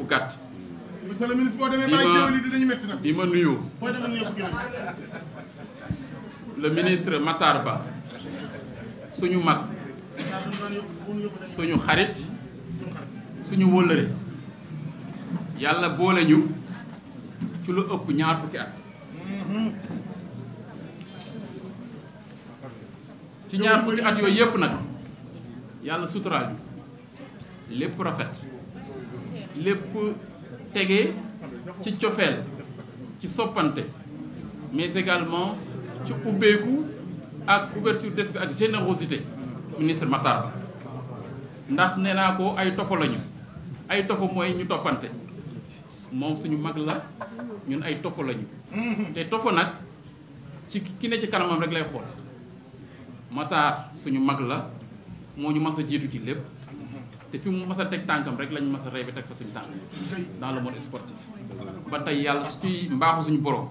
bu gàtt. monsieur demee bàyyi géwél yi bi ma nuyu. fooy demee nuyu le ministre Matar Ba suñu mag suñu xarit suñu wóllëre yàlla boole ñu ci lu ëpp ñaar fukki at. ci ñaar fukki at yooyu yëpp nag yàlla suturaal ñu lépp rafet. lépp tege ci cofeel ci soppante mais également ci ubbeeku ak ouverture d'esprit ak générosité ministre Matar ndax nee naa ko ay tofa lañu ay tofa mooy ñu toppante moom suñu mag la ñun ay tofa lañu te tofa nag ci ki ne ci kanamam rek lay xool Matar suñu mag la moo ñu mas a jiitu ci lépp te fi mu mas a teg tànkam rek lañu mas a rêvé teg fa suñu tànk dans le monde sportif ba tey yàlla su ci mbaaxu suñu borom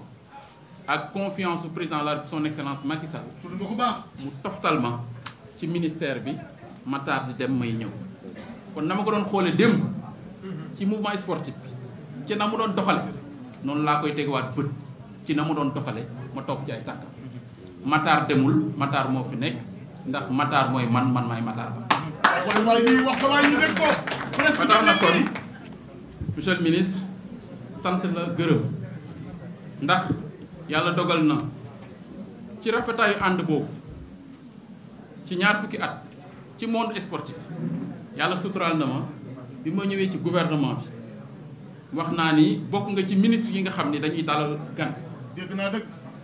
ak confiance président la son excellence Macky Sall mu toftal ma ci ministère bi Matar di dem may ñëw kon na ma ko doon xoolee démb ci mouvement sportif bi ci na mu doon doxale noonu laa koy tegewaat bët ci na mu doon doxale ma topp ci ay tànkam Matar demul Matar moo fi nekk ndax mataar mooy man man maay Matar ba waaye waaye ñuy wax waaye ñu na kon monsieur ministre sant la gërëm ndax yàlla dogal na ci rafetaayu ànd boobu ci ñaar fukki at ci monde sportif yàlla suturaal na ma bi ma ñëwee ci gouvernement bi wax naa ni bokk nga ci ministre yi nga xam ni dañuy dalal gan. dégg naa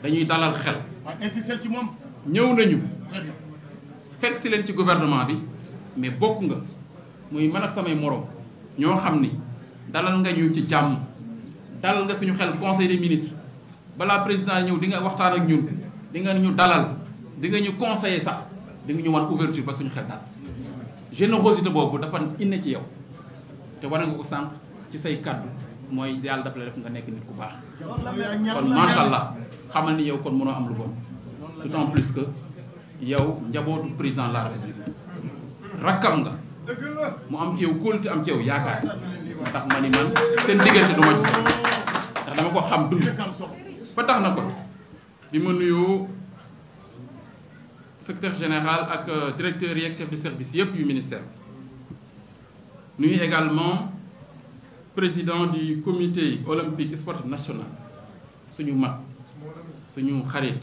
dañuy dalal xel. waaye moom. ñëw nañu. fekk si leen ci gouvernement bi. mais bokk nga muy man ak samay morom ñoo xam ni dalal nga ñu ci jàmm dalal nga suñu xel conseil des ministre balaa président ñëw di waxtaan ak ñun di nga ñu dalal di nga ñu conseiller sax di nga ñu wan ouverture ba suñu xel daal générosité boobu dafa inne ci yow te war nga ko sànq ci say kàddu mooy yàlla dafa la def nga nekk nit ku baax kon macha allah xamal ni yow kon mënoo am lu bon d'autant plus que yow njabootu président la République rakkam nga mu am ci yow kóolute am ci yow yaakaar moo tax ma ni man seen diggante du ma ndax dama ko xam dund ba tax na ko bi ma nuyoo secrétaire général ak euh, directeur yeeg chef de service yëpp yu ministère nuyu également président du comité olympique sportif national suñu mag suñu xarit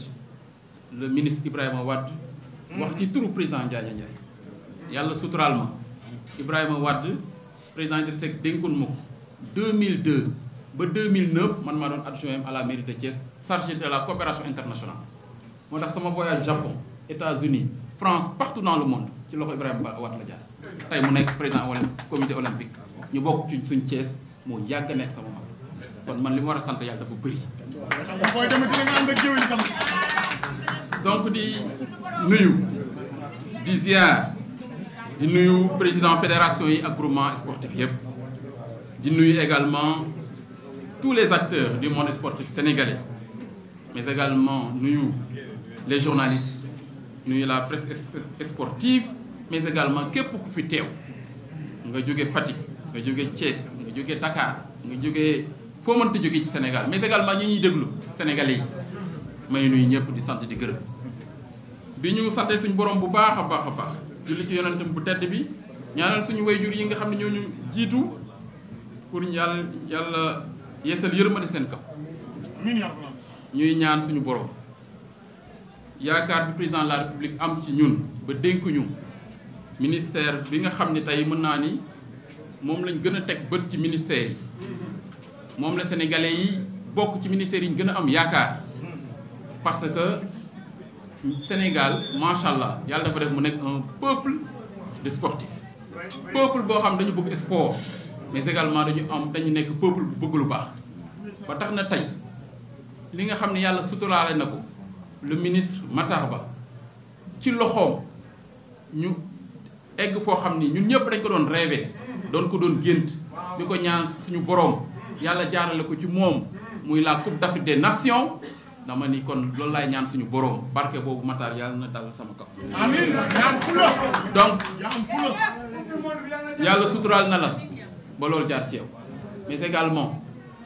le ministre Ibrahima Wade mm-hmm. wax ci turu président Ndiaye yàlla suturaal ma Ibrahima Wade président Idriss Seck dénkoon ma ko 2002 ba 2009 man maa doon adjoint à la mairie de Thiès chargé de la coopération internationale moo tax sama voyage Japon États-Unis France partout dans le monde ci loxo Ibrahima Wade la jaar tey mu nekk président olymp comité olympique ñu bokk ci suñ Thiès moo yàgg nekk sama mag kon man li ma war a sant yàlla dafa bëri. donc di nuyu di di nuyu président fédération yi ak groupement sportif yëpp di nuyu également tous les acteurs du monde sportif sénégalais mais également nuyu les journalistes nuyu la presse sportive mais également képp ku fi teew nga jóge Fatick nga jóge Thiès nga jóge Dakar nga jóge foo mënta jóge ci Sénégal mais également ñi ñuy déglu sénégalais yi may nuyu ñëpp di sant di gërëm bi ñu sante suñu borom bu baax a baax a baax julli ci yonentam bu tedd bi ñaanal suñu wayjur yi nga xam ne ñooñu jiitu pour yàlla yàlla yeesal yërmande seen kaw ñuy ñaan suñu borom yaakaar bi président la république am ci ñun ba dénkuñu ñu ministère bi nga xam ni tey mën naa ni moom lañ gën a teg bët ci ministère yi moom la sénégalais yi bokk ci ministère yi ñu gën a am yaakaar parce que Sénégal macha allah yàlla dafa def mu nekk un peuple de sportif peuple boo xam dañu bëgg sport mais également dañu am dañu nekk peuple bu bëgg lu baax ba tax na tey li nga xam ne yàlla suturaale na ko le ministre Matar Ba ci loxoom ñu egg foo xam ni ñun ñëpp dañ ko doon rêvé doon ko doon gént di ko ñaan suñu boroom yàlla jaarale ko ci moom muy la coupe d'Afrique de nations dama ni kon loolu laay ñaan suñu boroom barke boobu Matar yàlla na dal sama kaw. amiin donc yàlla suturaal na la ba loolu jaar ci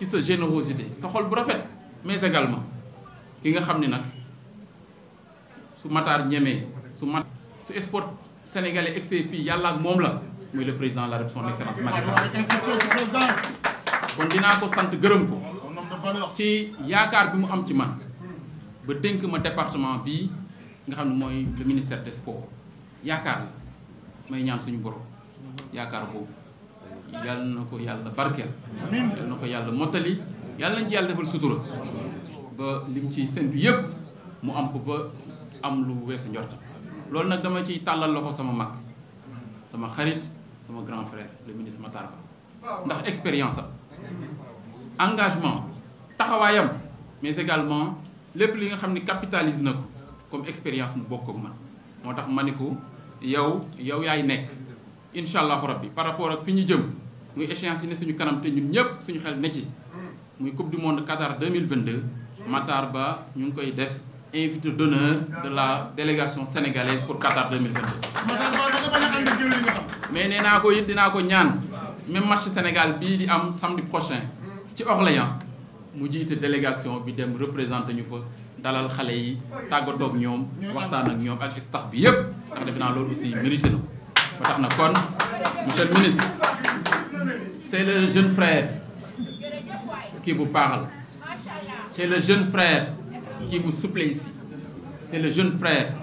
sa générosité sa bu rafet mais nga xam ni nag su Matar ñemee su mat su sport sénégalais excès fii yàlla ak moom la muy le la République son excellence Macky ko ci yaakaar bi mu am ci man. ba dénk ma département bii nga xam ne mooy le ministère des sports yaakaar la may ñaan suñu borom yaakaar boobu yàlla na ko yàlla barkeel yàlla na ko yàlla mottali yàlla nañ ci yàlla defal sutura ba lim ci séntu yëpp mu am ko ba am lu weesu njortam loolu nag dama ciy tàllal loxo sama mag sama xarit sama grand frère le ministre Matar Ba ndax expérience am engagement taxawaayam mais également lépp li nga xam ni capitalise na comme expérience mu bokk ak man moo tax ma ne ko yow yow yaay nekk incha allahu rabbi par rapport ak fi ñu jëm muy échéance yi ne suñu kanam te ñun ñëpp suñu xel ne ci muy coupe du monde Qatar deux Matar Ba ñu ngi koy def invité d'honneur de la délégation sénégalaise pour Qatar 2022. Matar Ba da nga mais nee naa ko it dinaa ko ñaan même match Sénégal bii di am samedi prochain ci Orléans. mu jiite délégation bi dem représenté ñu fa dalal xale yi tàggatoo ak ñoom waxtaan ak ñoom ak istax bi yëpp ndax defe naa loolu aussi mérité na ba tax na kon monsieur le ministre c'est le jeune frère qui vous parle c'est le jeune frère qui vous supplée ici c'est le jeune frère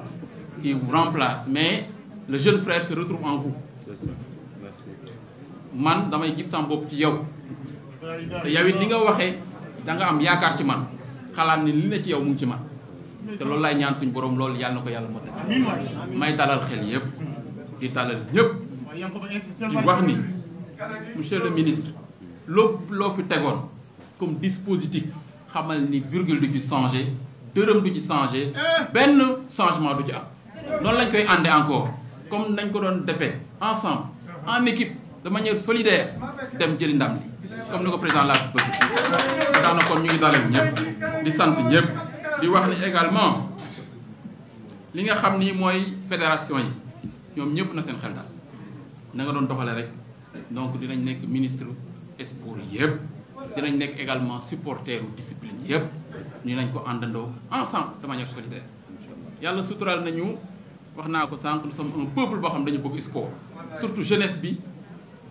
qui vous remplace mais le jeune frère se retrouve en vous man damay gis sama bopp ci yow te yow ni nga waxee danga am yaakaar ci man xalaat ni li ne ci yow mu ngi ci man te loolu laay ñaan suñu borom loolu yàlla na ko yàlla mottali may dalal xel yëpp di dalal ñëpp di wax ni monsieur le ministre loo loo fi tegoon comme dispositif xamal ni virgule du ci changé dërëm du ci changé eh. benn changement du ci am loolu lañ koy àndee encore comme nañ ko doon defee ensemble en équipe de manière solidaire dem jëli ndam li comme ni ko président la bëgg daanaka kon ñu ngi dalal ñëpp di sant ñëpp di wax ni également li nga xam ni mooy fédération yi ñoom ñëpp na seen xel daal na doon doxale rek donc dinañ nekk ministre sport yëpp dinañ nekk également supporter u discipline yëpp ñu nañ ko àndandoo ensemble de manière solidaire yàlla sutural nañu wax naa ko sànq nous sommes peuple boo xam dañu bëgg sport surtout jeunesse bi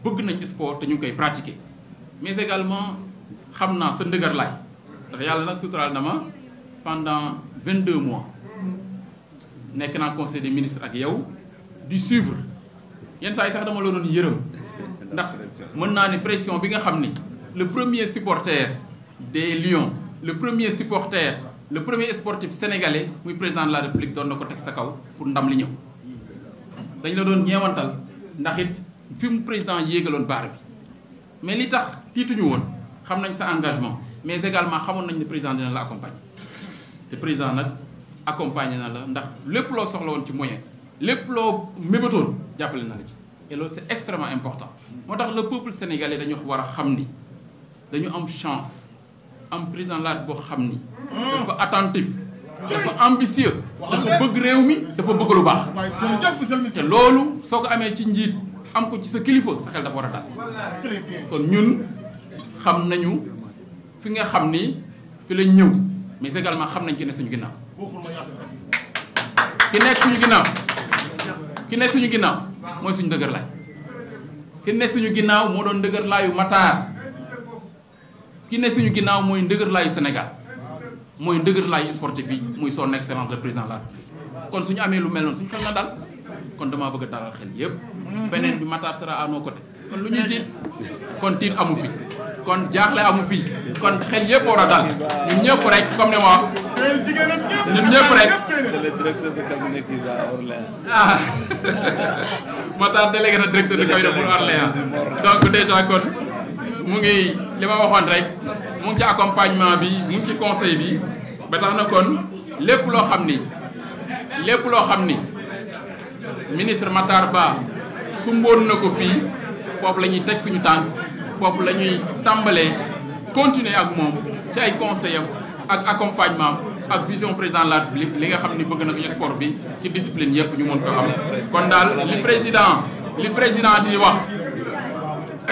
bëgg nañ sport te ñu koy pratiquer mais également xam naa sa ndëgër laay ndax yàlla nag suturaal na ma pendant vingt deux mois nekk naa conseil des ministres ak yow di suivre yenn saa yi sax dama la doon yërëm ndax mën naa ni pression bi nga xam ni le premier supporter des Lions le premier supporter le premier sportif sénégalais muy président de la république doon na ko teg sa kaw pour ndam li ñëw dañ la doon ñeewantal ndax it fi mu président yéegaloon baar bi mais li tax tiituñu woon xam nañ sa engagement mais également xamoon nañ ne président dina la accompagner te président nag accompagner na la ndax lépp loo soxla woon ci moyen lépp loo mébatoon jàppale na la ci et loolu important moo tax le peuple sénégalais dañu war a xam ni dañu am chance am président laat boo xam ni dafa attentif dafa ambitieux dafa bëgg réew mi dafa bëgg lu baax te loolu soo ko amee ci njiit am ko ci sa kilifa sa xel dafa war a dal kon ñun xam nañu fi nga xam ni fi lañ ñëw mais également xam nañ ci ne suñu ginnaaw ki nekk suñu ginnaaw suñu ginnaaw mooy suñu dëgër laay ki nekk suñu ginnaaw moo doon dëgër laayu Matar ki nekk suñu ginnaaw mooy dëgër laayu Sénégal mooy ndëgër laayu sportif yi muy son excellence le président la kon suñu amee lu mel noonu suñu xel na daal kon damaa bëgg dalal xel yëpp mhm. beneen bi Matar sera à nos côtés kon lu ñuy tiit kon tiit amu fi kon jaaxle amu fii kon xel yëpp war a dal ñun ñëpp rek comme ni ma wax ñun ñëpp rek. ah moo tax délégué na directeur de cabinet pour Orléans donc déjà kon mu ngi li ma waxoon rek mu ngi ci accompagnement bi mu ngi ci conseil bi ba tax na kon lépp loo xam ni lépp loo xam ni ministre Matar Ba sumboon na ko fii foofu lañuy ñuy teg suñu tànk. foofu la ñuy tàmbalee continuer ak moom ci ay conseil ak accompagnement ak vision président de la République li nga xam ni bëgg na ko bi ci discipline yëpp ñu mën ko am kon daal li président li président di wax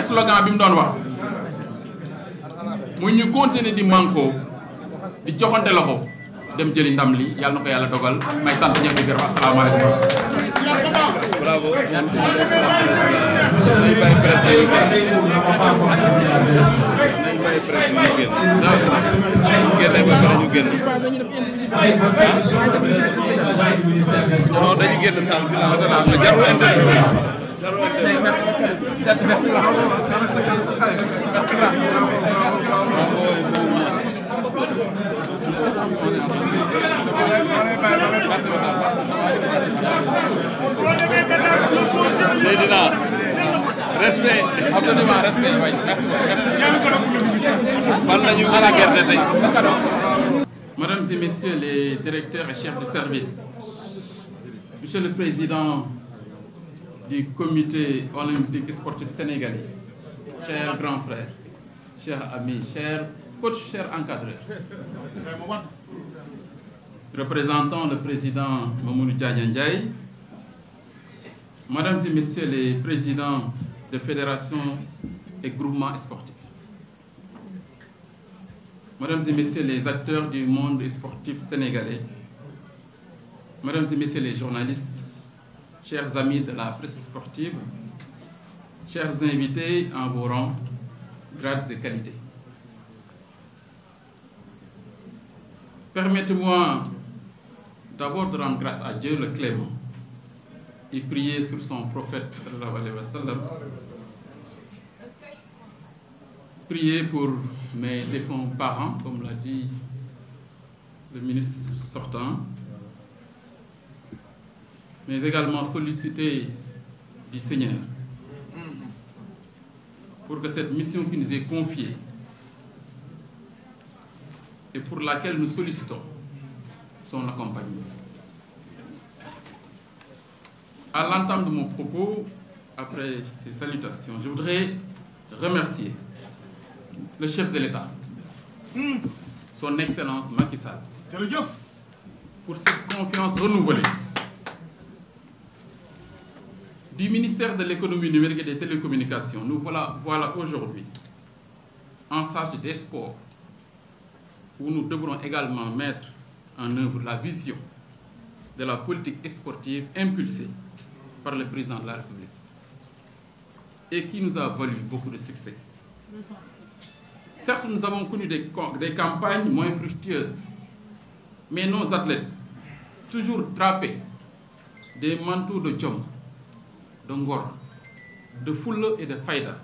slogan bi mu doon wax mu ñu continuer di manko di joxante loxo dem jëli ndam li yàlla na ko yàlla dogal may sant ñëpp di gërëm asalaamaaleykum. bravo. dañu génn Seydina respect. absolument respect waay merci beaucoup. ban la ñu à la gerte tey. Mesdames et messieurs les directeurs et chefs de service. Monsieur le président du comité olympique et sportif sénégalais. Cher grand frère, cher ami, cher coach, cher encadreur. Représentant le président Mamoudou Ndiaye, Mesdames et Messieurs les présidents de fédérations et groupements sportifs, Mesdames et Messieurs les acteurs du monde sportif sénégalais, Mesdames et Messieurs les journalistes, chers amis de la presse sportive, chers invités en vos rangs, grades et qualités. Permettez-moi d'abord de rendre grâce à Dieu le Clément et prier sur son prophète sallallahu alayhi wa sallam. Prier pour mes défunts parents, comme l'a dit le ministre sortant, mais également solliciter du Seigneur pour que cette mission qui est confiée et pour laquelle nous sollicitons son accompagnement. À l'entente de mon propos, après ces salutations, je voudrais remercier le chef de l'État, hmm. son Excellence Macky pour cette confiance renouvelée du ministère de l'économie numérique et des télécommunications. Nous voilà, voilà aujourd'hui en charge des où nous devrons également mettre en œuvre la vision de la politique sportive impulsée par le président de la République et qui nous a valu beaucoup de succès. Certes, nous avons connu des, campagnes moins fructueuses, mais nos athlètes, toujours drapés des manteaux de Djom, de Ngor, de Foule et de Faïda,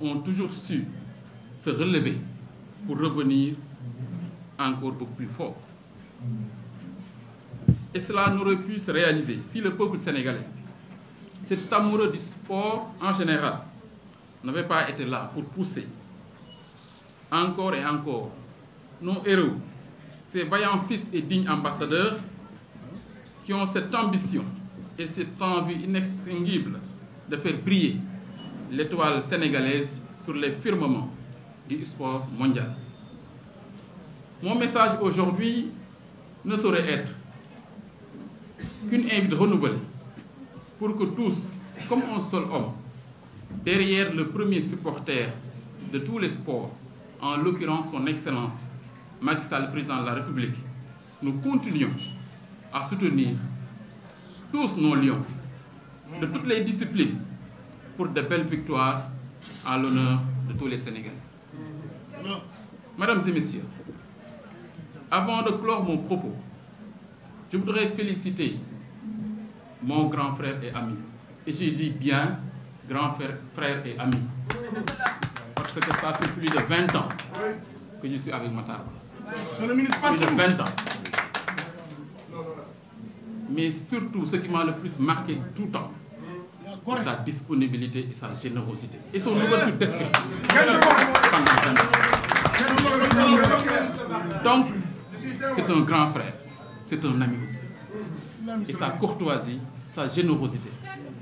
ont toujours su se relever pour revenir encore beaucoup plus fort. Et cela n'aurait pu se réaliser si le peuple sénégalais, cet amoureux du sport en général, n'avait pas été là pour pousser encore et encore nos héros, ces vaillants fils et dignes ambassadeurs qui ont cette ambition et cette envie inextinguible de faire briller l'étoile sénégalaise sur les firmaments du sport mondial. Mon message aujourd'hui ne saurait être qu'une invite renouvelée pour que tous, comme un seul homme, derrière le premier supporter de tous les sports, en l'occurrence son Excellence, Macky Sall, président de la République, nous continuions à soutenir tous nos lions de toutes les disciplines pour de belles victoires à l'honneur de tous les Sénégalais. Mesdames et Avant le clore mon propos, je voudrais féliciter mon grand frère et ami. Et j'ai dit bien grand frère, et ami. Parce que ça fait plus de 20 ans que je suis avec Matar. Plus de 20 ans. Mais surtout, ce qui m'a le plus marqué tout le temps, c'est sa disponibilité et sa générosité. Et son ouverture d'esprit. Donc, c'est un grand frère c'est un ami aussi et sa courtoisie sa générosité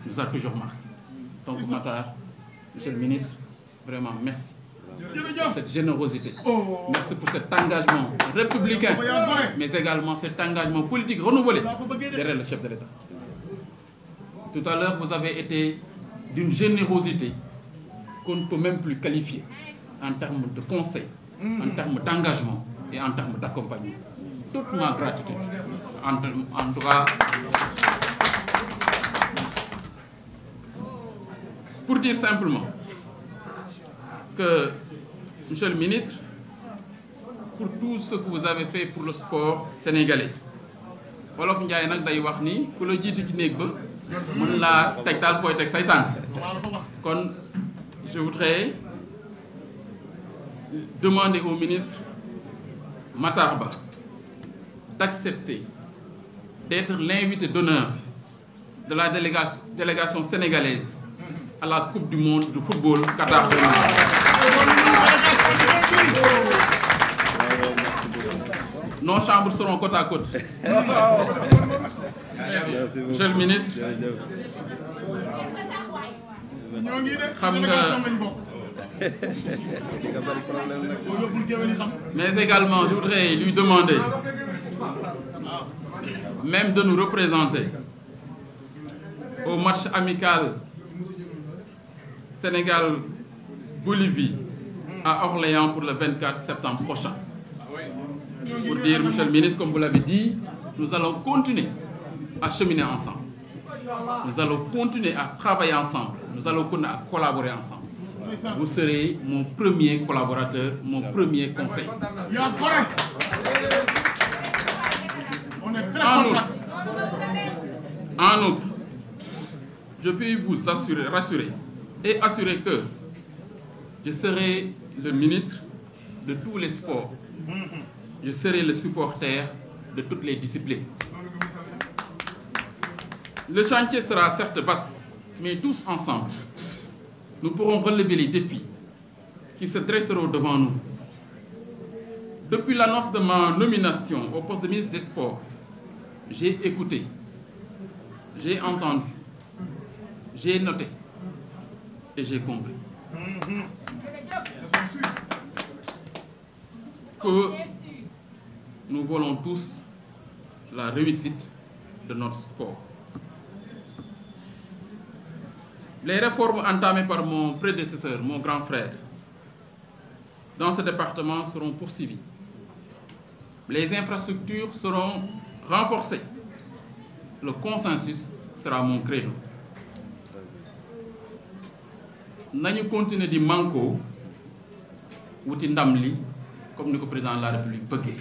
nous a toujours marqué donc Matar monsieur le ministre oh. merci pour cet engagement républicain mais également cet engagement politique renouvelé derrière le chef de l'État tout à l'heure vous avez été d'une générosité qu'on ne peut même plus qualifier en termes de conseil en hmm. termes d'engagement en termes d'accompagnement. Toute ma gratitude. En, en tout cas, pour dire simplement que, Monsieur le ministre, pour tout ce que vous avez fait pour le sport sénégalais wolof Njaay nag day wax ni ku la jiitu ci néeg ba mën laa tegtal fooy teg say tànk kon je voudrais demander au ministre Matar Ba d'accepter d'être l'invité d'honneur de la délégation, délégation sénégalaise à la Coupe du monde de football Qatar 2022. Nos chambres seront côte à côte. Monsieur le ministre xam nga Mais également, je voudrais lui demander même de nous représenter au match amical Sénégal-Bolivie à Orléans pour le 24 septembre prochain. Pour dire, monsieur le ministre, comme vous l'avez dit, nous allons continuer à cheminer ensemble. Nous allons continuer à travailler ensemble. Nous allons continuer à collaborer ensemble. vous serez mon premier collaborateur, mon premier conseil. On est très en outre, en outre, je puis vous rassurer et assurer que je serai le ministre de tous les sports. Je serai le supporter de toutes les disciplines. Le chantier sera certes vaste, mais tous ensemble, nous pourrons relever les défis qui se dresseront devant nous. Depuis l'annonce de ma nomination au poste de ministre des Sports, j'ai écouté, j'ai entendu, j'ai noté et j'ai compris. Que nous voulons tous la réussite de notre sport. les réformes entamées par mon prédécesseur, mon grand frère, dans ce département seront poursuivies. Les infrastructures seront renforcées. Le consensus sera mon credo. nañu continuer di manko wuti ndam li comme ni ko président de la république bëggee.